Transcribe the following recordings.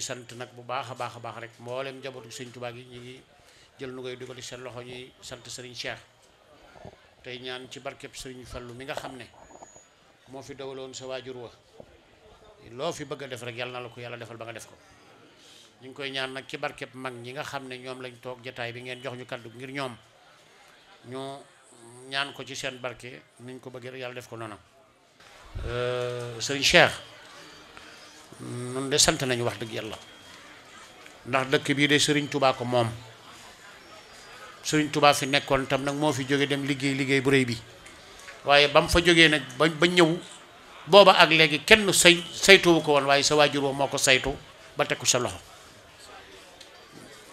ngi sant nag bu baax a baax a baax rek mboolem njabootu sëñ Tuubaa gi ñu ngi jël nu koy dugal ci seen loxo ñuy sant sëriñ Cheikh tey ñaan ci barkeb sëriñ Fallu mi nga xam ne moo fi dawaloon sa waajur wa loo fi bëgg a def rek yàlla na la ko yàlla defal ba nga def ko ñu ngi koy ñaan nag ci barkeb mag ñi nga xam ne ñoom lañ toog jataay bi ngeen jox ñu kaddu ngir ñoom ñoo ñaan ko ci seen barke niñ ko bëggee yàlla def ko noonu euh, sëriñ Cheikh nun de sant nañu wax dëgg yàlla ndax dëkk bii de sëriñ tubaa ko moom sëriñ tubaa fi nekkoon tam nag moo fi jóge dem liggéey liggéey bu rëy bi waaye ba mu fa jógee nag ba ba ñëw booba ak léegi kenn say saytuwu ko woon waaye sa waajur wa moo ko saytu ba tegu sa loxo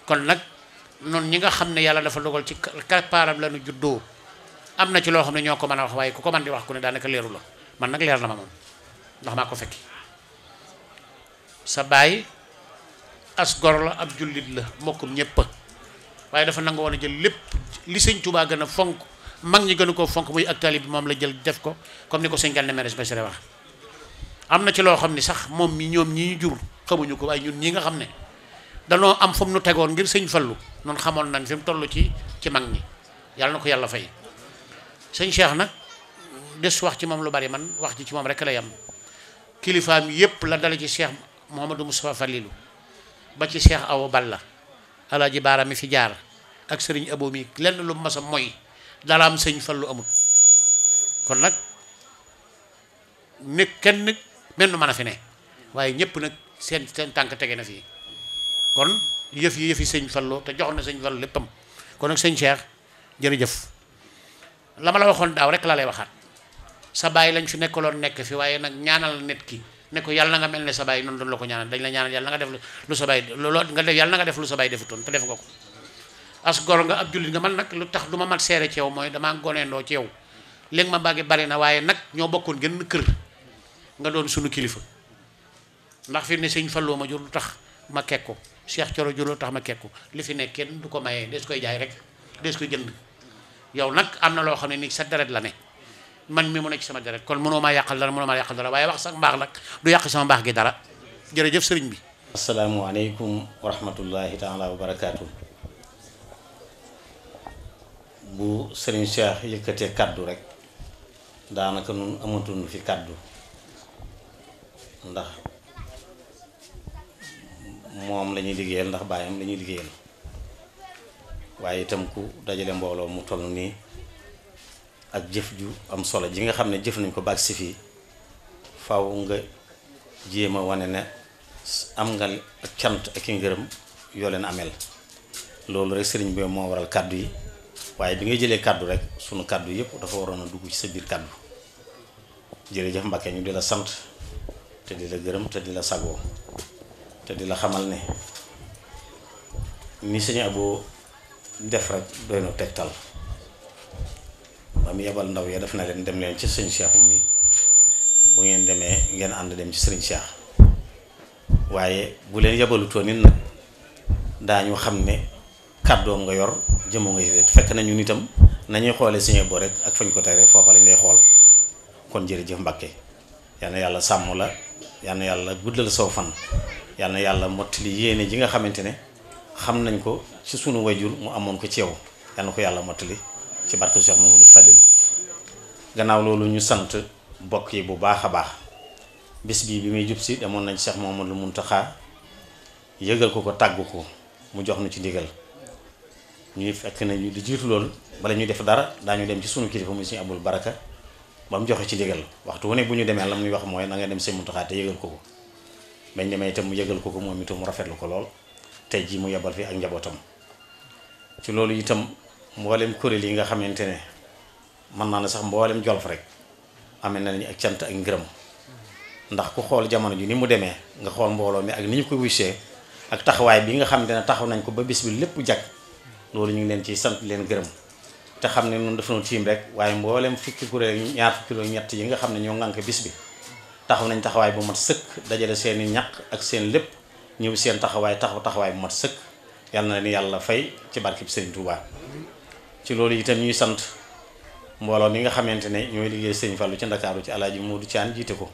kon nag noon ñi nga xam ne yàlla dafa dogal ci kappaaram la nu juddoo am na ci loo xam ne ñoo ko mën a wax waaye ku ko mën di wax ku ne daanaka leeru la man nag leer na ma moom ndax maa sa baay as gor la ab jullit la mbokkum ñëpp waaye dafa nangu woon jël lépp li sëñ Tuubaa gën a fonk mag ñi gën koo fonk muy ak taalib bi moom la jël def ko comme ni ko sëñ Gana Mérès Bassiré wax am na ci loo xam ne sax moom mi ñoom ñi ñu jur xamuñu ko waaye ñun ñi nga xam ne danoo am fa mu nu tegoon ngir sëñ Fallu noonu xamoon nañ fi tollu ci ci mag ñi yàlla na ko yàlla fay sëñ Cheikh nag des wax ci moom lu bari man wax ji ci moom rek la yam kilifaam Mouhamadou Moustapha Falilou ba ci Cheikh la Balla ji Baara mi fi jaar ak sëriñ Abo mi lenn lu mas a mooy dalaam sëñ Fallu amul kon nag nekk kenn menn mën a fi ne waaye ñëpp nag seen seen tànk tege na fii kon yëf yi yëfi sëñ Fallu te joxoon na sëñ Fallu léppam kon nag sëñ Cheikh jërëjëf la ma la waxoon daaw rek laa lay waxaat sa baay lañ fi nekkaloon nekk fi waaye nag ñaanal nit ki ne ko yàlla na nga mel ne sa baay noonu doon la ko ñaanal dañ la ñaanal yàlla na nga def lu sa baay loo nga def yàlla na nga def lu sa baay defutoon te def nga ko as gor nga ab jullit nga man nag lu tax du ma mat seere ci mooy damaa goneendoo ci yow léegi ma bàggee bari na waaye nag ñoo bokkoon gën kër nga doon sunu kilifa ndax fi ne sëñ Fallou ma jur lu tax ma kekk ko Cheikh Coro jur lu tax ma kekk ko li fi nekk kenn du ko mayee des koy jaay rek des koy jënd yow nag am na loo xam ne ni sa deret la ne man mi mu nekk sama deret kon mënoo maa yàqal dara mënoo maa yàqal dara waaye wax sax mbaax nag du yàq sama mbaax gi dara jërëjëf sëriñ bi asalaamualeykum wa rahmatullahi taala wa barakaatu bu sëriñ Cheikh yëkkatee kàddu rek daanaka nun amatuñu fi kàddu ndax moom lañuy liggéeyal ndax baayam la ñuy liggéeyal waaye itam ku dajale mbooloo mu toll nii ak jëf ju am solo ji nga xam ne jëf nañ ko baag si fii faw nga jéem a wane ne am nga cant ak i ngërëm yoo leen amel loolu rek sëriñ bi moo waral kàddu yi waaye bi nga jëlee kàddu rek sunu kàddu yëpp dafa waroon a dugg ci sa biir kàddu jërëjëf Mbacke ñu di la sant te di la gërëm te di la sagoo te di la xamal ne ni sëñ Abo def rek doy na tegtal ba mu yebal ndaw ya def na leen dem leen ci sëñ Cheikh mi bu ngeen demee ngeen ànd dem ci sëriñ Cheikh waaye bu leen yebalutoon nit nag daañu xam ne kàddoom nga yor jëmoo nga yéex fekk nañu nitam nañuy xoolee suñu bo rek ak fañ ko tere foofa lañ lay xool kon jërëjëf Mbacke yal na yàlla sàmm la yal na yàlla guddal saw fan yal na yàlla mottali yéene ji nga xamante ne xam nañ ko ci sunu wayjur mu amoon ko ci yow yal na ko yàlla mottali. ci barke Cheikh Mamadou Fadilou gannaaw loolu ñu sant bokk yi bu baax a baax bis bii bi muy jub si demoon nañ Cheikh Mamadou Mountakha yëgal ko ko tàgg ko mu jox na ci ndigal ñuy fekk ñu di jiitu loolu bala ñuy def dara daañu dem ci sunu kilifa muy suñu abul barka ba mu joxe ci ndigal waxtu wu ne bu ñu demee la muy wax mooy na nga dem sëñ Mountakha te yëgal ko ko bañ demee itam mu yëgal ko ko moom itam mu rafetlu ko lool te jii mu yebal fi ak njabootam ci mboolem kuréel yi nga xamante ne mën naa ne sax mboolem jolof rek amee na nañu ak cant ak ngërëm ndax ku xool jamono ji ni mu demee nga xool mbooloo mi ak ni ñu ko wisee ak taxawaay bi nga xamante ne taxaw nañ ko ba bis bi lépp jag loolu ñu ngi leen ci sant leen gërëm te xam ne ñun dafa noo tiim rek waaye mboolem fukki kuréel ñaar fukki ñett yi nga xam ne ñoo ŋànk bis bi taxaw nañ taxawaay bu mat sëkk dajale seen i ñaq ak seen lépp ñëw seen taxawaay taxaw taxawaay bu mat sëkk yàlla na leen yàlla fay ci barkib Sëriñ Tuubaa ci loolu itam ñuy sant mbooloo mi nga xamante ne ñooy liggéey sëñ Fallou ci Ndakaaru ci alaaji Moodu Caan jiite ko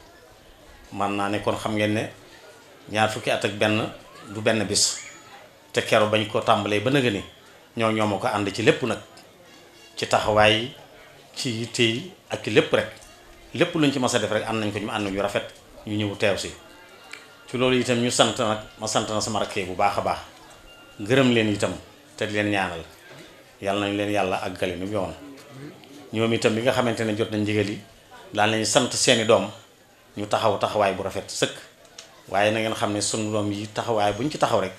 man naa ne kon xam ngeen ne ñaar fukki at ak benn du benn bis te kero bañ ko tàmbalee ba nëgë ni ñoo ñooma ko ànd ci lépp nag ci taxawaay ci yitte yi ak lépp rek lépp luñ ci mas a def rek ànd nañ ko ñu ànd ñu rafet ñu ñëw teew si ci loolu itam ñu sant nag ma sant na sama rakkee bu baax a baax gërëm leen itam te di leen ñaanal yàlla nañ leen yàlla àggale ni mu yoon ñoom itam bi nga xamante ne jot nañ ndigal yi daal nañ sant seeni doom ñu taxaw taxawaay bu rafet sëkk waaye na ngeen xam ne sunu doom yi taxawaay buñ ci taxaw rek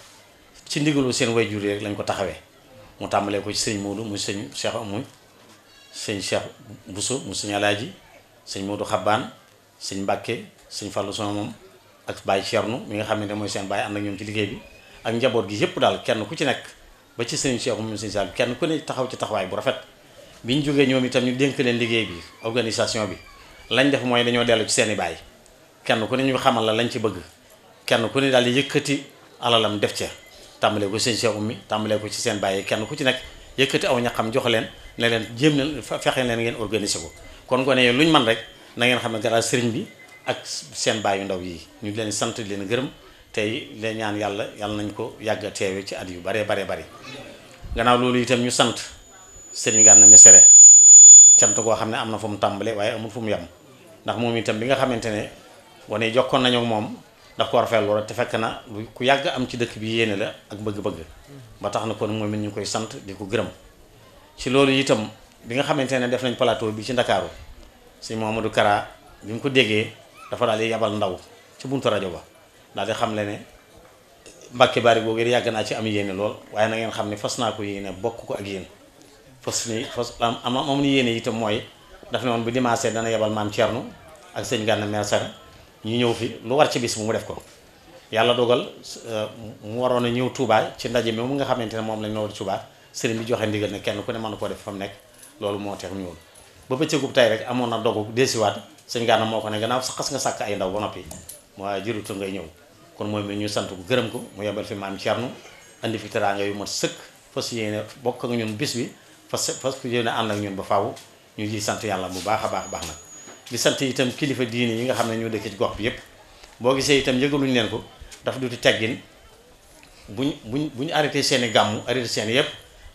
ci ndigalu seen way jur rek lañ ko taxawee mu tàmbalee ko ci sëñ Moodu mu sëñ Cheikh muy sëñ Cheikh Bousso mu sëñ Alaaji sëñ Moodu Xabbaan sëñ Mbàkke sëñ Fàllu sama moom ak Baye Cernu mi nga xam ne mooy seen baay am ak ñoom ci liggéey bi ak njaboot gi ci nekk ba ci sëñ Cheikh moom sëñ Sall kenn ku ne taxaw ci taxawaay bu rafet bi ñu jógee ñoom itam ñu dénk leen liggéey bi organisation bi lañ def mooy dañoo dellu ci seeni baay kenn ku ne ñu xamal la lañ ci bëgg kenn ku ne daal di yëkkati alalam def ca tàmbalee ko sëñ Cheikh Oumy tàmbalee ko ci seen bàyyi kenn ku ci nekk yëkkati aw ñaxam jox leen ne leen jéem leen fexe leen ngeen organiser ko kon gone luñ man rek na ngeen xam ne dara sëriñ bi ak seen bàyyi ndaw yi ñu leen sant leen gërëm tey lee ñaan yàlla yàlla nañ ko yàgg teewe ci at yu bare bare bari gannaaw loolu itam ñu sant Serigne Gana Messere cant koo xam ne am na fu mu tàmbale waaye amul fu mu yam ndax moom itam bi nga xamante ne wane jokkoon nañu moom daf ko rafetlu rek te fekk na ku yàgg am ci dëkk bi yéene la ak bëgg-bëgg ba tax na kon moom it ñu koy sant di ko gërëm ci loolu itam bi nga xamante ne def nañ plateau bi ci Ndakaaru si ma du Kara bi mu ko déggee dafa daal di yabal ndaw ci buntu rajo ba daal di xam le ne mbàkke bari googu yàgg naa ci am yéene lool waaye na ngeen xam ni fas naa ko yéene bokk ko ak yéen fas ni fas am am am ni yéene itam mooy daf ne woon bu dimanche dana yebal maam Thierno ak sëñ Gana Messere ñu ñëw fi lu war ci bis mu def ko yàlla dogal euh, mu waroon a ñëw Touba ci ndaje mi mu nga xamante ne moom lañ la war Touba bi joxe ndigal ne kenn ku ne mën koo def fa mu nekk loolu moo tax ñëwul ba bëccëgub tey rek amoon na dogu desiwaat sëñ Gana moo ko ne gannaaw xas nga sàkk ay ndaw ba noppi moo jurutu ngay ñëw kon mooy mi ñu sant ko gërëm ko mu yebal fi maam Thierno andi fi teraanga yu mat sëkk fas yéene bokk ak ñun bis bi fas fas yéene ànd ak ñun ba faaw ñu ji sant yàlla bu baax a baax baax nag di sant itam kilifa diine yi nga xam ne ñoo dëkk ci gox bi yëpp boo gisee itam yëgaluñu leen ko daf du teggin bu buñ bu ñu arrêté seen i gàmmu arrêté seen i yëpp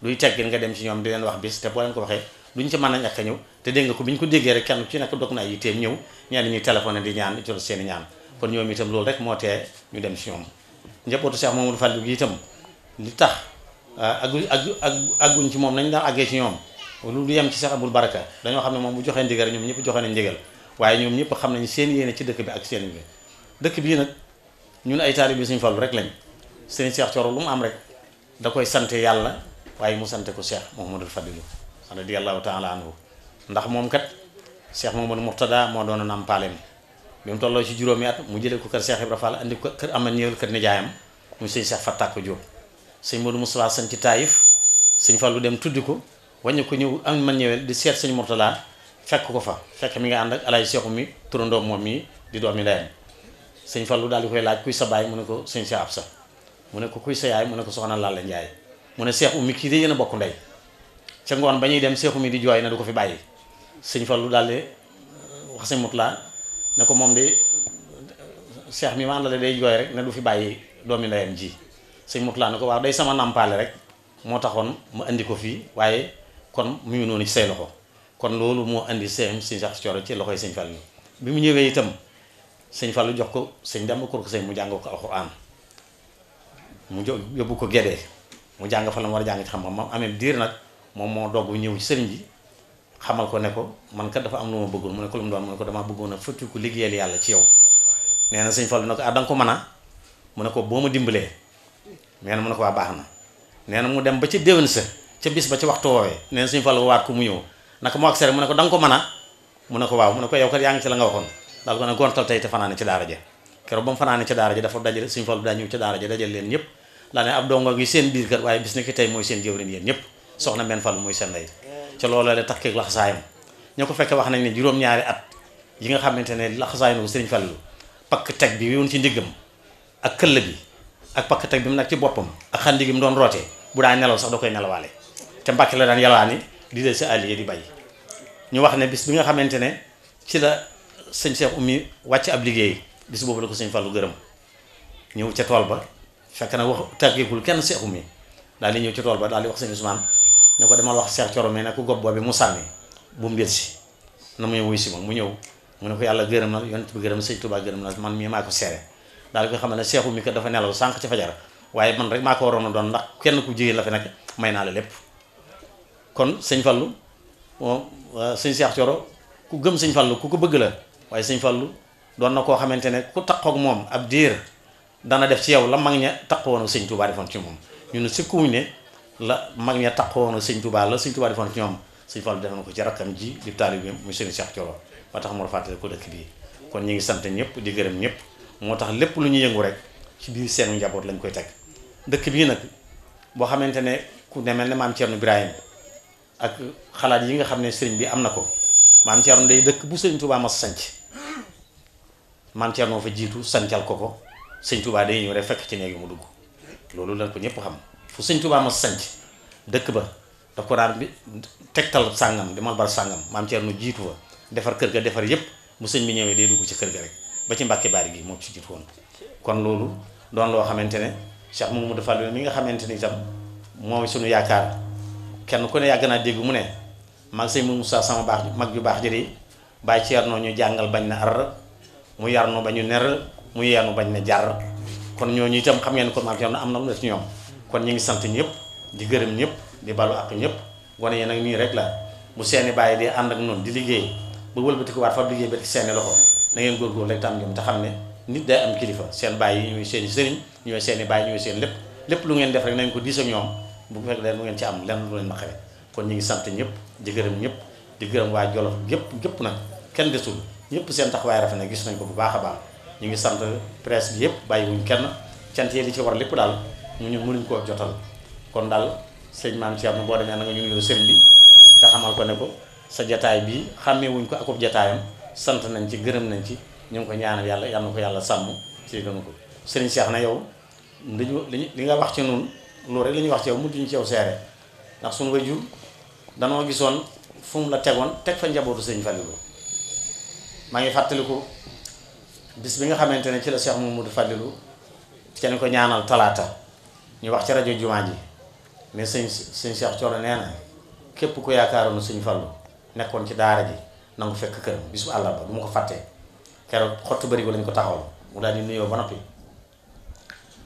duy teggin nga dem ci ñoom di leen wax bis te boo leen ko waxee duñ ci mën a ñàkk ñëw te dégg nga ko bi ñu ko déggee rek kenn ci nekk dog na ay yitteem ñëw ñenn ñuy téléphoné di ñaan jot seen i ñaan kon ñoom itam loolu rek moo ñu dem si ñoom njabootu Cheikh Mamadou Fallou gi itam li tax ah, aggu aggu agguñ ci moom nañ daan àggee ci ñoom lu du yem ci Cheikh Abdoul Baraka dañoo xam ne moom bu joxee ndigal ñoom ñëpp joxee nañ ndigal waaye ñoom ñëpp xam nañ seen yéene ci dëkk bi ak seen dëkk bii nag ñun ay taalibe Sëñ Fallu rek lañ sëñ Cheikh Thioro lu mu am rek da koy sante yàlla waaye mu sante ko Cheikh Mouhamadou Fadilou radiyallahu taala anhu ndax moom kat moo Mouhamadou Mourtada moo doon nampaleem bi mu tolloo ci juróomi at mu jëlee ko kër Cheikh Ibra Fall andi ko kër ama néewal kër nijaayam mu dem tuddi ko wàññi ko ñëw am man ñëwel di seet sëñ Mourtala fekk ko fa fekk mi nga ànd ak Alaaji Seexu mi turandoom moom mi di doomi ndeyam sëñ Fallu daal di koy laaj kuy sa baay mu ne ko sëñ Cheikh mu ne kuy sa yaay mu ne ko soxna Lalla Ndiaye mu ne Cheikh um kii de yéen a bokk ndey ca ngoon ba ñuy dem Cheikh Oumy di jooy na du ko fi bàyyi sëñ Fallu daal di euh, wax sëñ Mourtala ne ko moom de seex mi ma àndale day jooy rek ne du fi bàyyi doomi ndeyam ji sëñ Murtala ne ko waaw day sama nàmpaale rek moo taxoon mu indi ko fii waaye kon mu ngi ci say kon loolu moo andi seen sëñ Seex ci loxoy sëñ bi mu ñëwee itam sëñ Fallu jox ko sëñ Demba Kur ko sëñ mu jàng ko alxuraan mu jo yóbbu ko Gédé mu jàng fa la mu war a jàng ci xam-xam moom amee diir nag moom moo dogg ñëw ci sëriñ bi xamal ko ne ko man kat dafa am lu ma bëggoon mu ne ko lu mu doon mu ne ko damaa bëggoon a fëtti ko liggéeyal yàlla ci yow nee na sëñ Fallu ne ko ah, nga ko mën a mu ne ko boo ma dimbalee na mu ne ah, baax na na mu dem ba ca déwén sa ca bis ba ca waxtu woowee nee na sëñ Fallu waat ko mu ñëw naka mu ak sere mu ko da a mu ne ko waaw mu ne ko yow kat yaa ngi ci la nga waxoon daal ko ne gontal tey te fanaane ci daara ja keroog ba mu fanaane ci daara ja dafa dajale sëñ Fallu daa ñëw ci daara ja dajal leen ñëpp daa ne ab dongo gi seen biir kat waaye bis ni ki tey mooy seen jëwrin yéen ñëpp soxna men Fallu ca loola la takkeeg laxasaayam ñoo ko fekkee wax nañ ne juróom-ñaari at yi nga xamante ne laxasaay na ko sëriñ Fallu pakk teg bi woon ci ndiggam ak këll bi ak pakk teg bi mu nag ci boppam ak xandi gi mu doon rootee bu daa nelaw sax da koy nelawaale te mbàkke la daan yalwaani di dee sa allié di bay ñu wax ne bis bi nga xamante ne ci la sëñ Cheikh Oumy wàcc ab liggéey bis boobu la ko sëñ Fallu gërëm ñëw ca tool ba fekk na wax tàggeekul kenn Cheikh Oumy daal di ñëw ci tool ba daal di wax sëñ na ko demal wax Cheikh Coro mais ne ko gob boobu mu sànni bu mu si na mu ñëw wuy si ma mu ñëw mu ne ko yàlla gërëm na yoon bi gërëm sëñ Tuubaa gërëm na man mii maa ko seere daal ko xam ne seexu mi ko dafa nelaw sànq ci fajar waaye man rek maa ko waroon a doon ndax kenn ku jigéen la fi may naa la lépp kon sëñ Fallu euh, sëñ ku gëm sëñ Fallu ku ko bëgg la waaye sëñ doon na koo xamante ne ku taqoog moom ab diir dana def ci yow la mag ña taqoon ak sëñ Tuubaa defoon ci moom ñun sukkuwuñ ne la mag ña taxawoon ak sëñ Tuubaa la sëñ Tuubaa defoon ci ñoom sëñ Fallu defoon ko ci rakkam ji di taalibeem mu sëñ Cheikh Thioro ba tax mu fàttali ko dëkk kon ñu ngi sant ñëpp di gërëm ñëpp moo tax lépp lu ñu yëngu rek ci biir seen njaboot lañ koy teg dëkk bii nag boo xamante ne ku ne ne maam Thierno Ibrahima ak xalaat yi nga xam ne sëriñ bi am na ko maam day dëkk bu sëriñ Tuubaa mas sanc maam Thierno fa jiitu sancal ko ko sëñ Tuubaa day ñëw rek fekk ci néegi mu dugg loolu lañ ko ñëpp xam fu sëñ Tuubaa ma sanc dëkk ba daf ko daan bi tegtal sàngam demal bar sàngam maam Thierno jiitu fa defar kër ga defar yépp bu sëñ bi ñëwee day dugg ci kër ga rek ba ci Mbàkke Baari gi moom ci jiitu kon loolu doon loo xamante ne Cheikh Mamadou Fallou mi nga xamante ni itam mooy sunu yaakaar kenn ku ne yàgg naa dégg mu ne mag sëñ Moussa sama baax mag ju baax jëri bàyyi Thierno ñu jàngal bañ na ar mu yarnu ba ñu ner mu yeenu bañ na jar kon ñooñu itam xam ngeen kon maam Thierno am na lu def ci ñoom kon ñu ngi sant ñëpp di gërëm ñëpp di balu ak ñëpp gone yi nag nii rek la bu seeni bàyyi di ànd ak noonu di liggéey ba wëlbatiku waat fa liggéey ba ci na ngeen góorgóor rek tam ñoom te nit kilifa seen bàyyi ñooy seen i sëriñ ñooy seen i seen lépp lépp lu ngeen def rek nañ ko diis ak ñoom leen lu ngeen ci am lenn lu leen ma xawe ngi sant ñëpp di gërëm ñëpp di gërëm waa Jolof gépp gépp nag kenn desul ñëpp seen taxawaay rafet na gis nañ ko bu baax a baax ñu ngi sant presse bi yëpp ñu kenn cant yi li ci war a lépp daal ñu ñu mënuñ koo jotal kon daal sëñ maam Thierno boo demee na nga ñu nuyoo sëriñ bi te xamal ko ne ko sa jataay bii xàmmee ko akub jataayam sant nañ ci gërëm nañ ci ñu ngi yàlla yal ko yàlla sàmm ci ko sëriñ Cheikh na yow dañu li nga wax ci noonu loolu rek la ñuy wax ci yow mujj ñu ci yow seere ndax suñu wajur danoo gisoon fu la tegoon teg fa njabootu sëñ Fallilou maa ngi fàttaliku bis bi nga xamante ne ci la Cheikh Mamadou Fallilou kenn ko ñaanal talaata ñu wax ci rajo jumaa ji ne sëñ sëñ Cheikh Thioro nee na képp ku yaakaaroon sëñ Fallu nekkoon ci daara ji nangu fekk këram bisu àllarba du ma ko fàttee keroog xottu barigo lañ ko taxaw mu daal di nuyoo ba noppi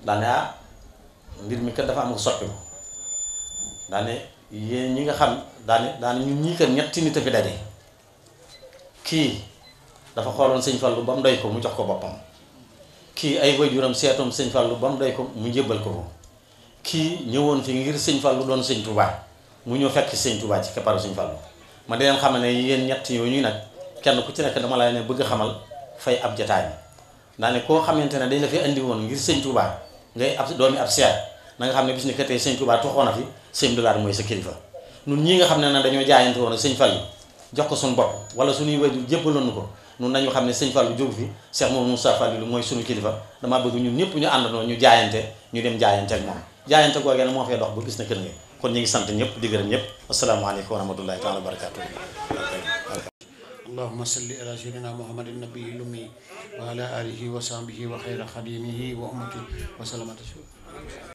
daal ah, mbir mi kat dafa am ko soppi ko ñi nga xam daal ne daal ne ñun nit a fi kii dafa xooloon sëñ Fallu ba mu doy ko mu jox ko boppam kii ay waajuram seetoom sëñ Fallu ba mu doy ko mu jëbbal ko ko kii ñëwoon fi ngir sëñ lu doon sëñ Touba mu ñëw fekk sëñ Touba ci keppaaru sëñ Fallou ma di leen xamal ne yéen ñett ñooñu nag kenn ku ci nekk dama lay ne bëgg xamal fay ab jataay ndaa ne koo xamante ne dañ la fi woon ngir sëñ Touba ngay ab doomi ab seer na nga xam ne bis ni katee sëñ Touba toxoon na fi sëñ Dogaar mooy sa kilifa nun ñii nga xam ne nag dañoo jaayante woon ak sëñ jox ko suñu bopp wala suñuy waju jébbaloon ko nun nañu xam ne sëñ Fallou jógu fi Cheikh Mouhamadou mooy suñu kilifa damaa bëgg ñun ñëpp ñu àndandoo ñu jaayante ñu dem jaayante ak moom jaayante googee nag moo fee dox ba bis na kër nga kon ñu ngi sant ñëpp di gërëm ñëpp asalaamaaleykum wa rahmatullahi taala wa barakatuh allahuma salli ala sayyidina muhammadin nabiyil ummi wa ala alihi wa sahbihi wa xayra xadimihi wa ummati wa salama taslim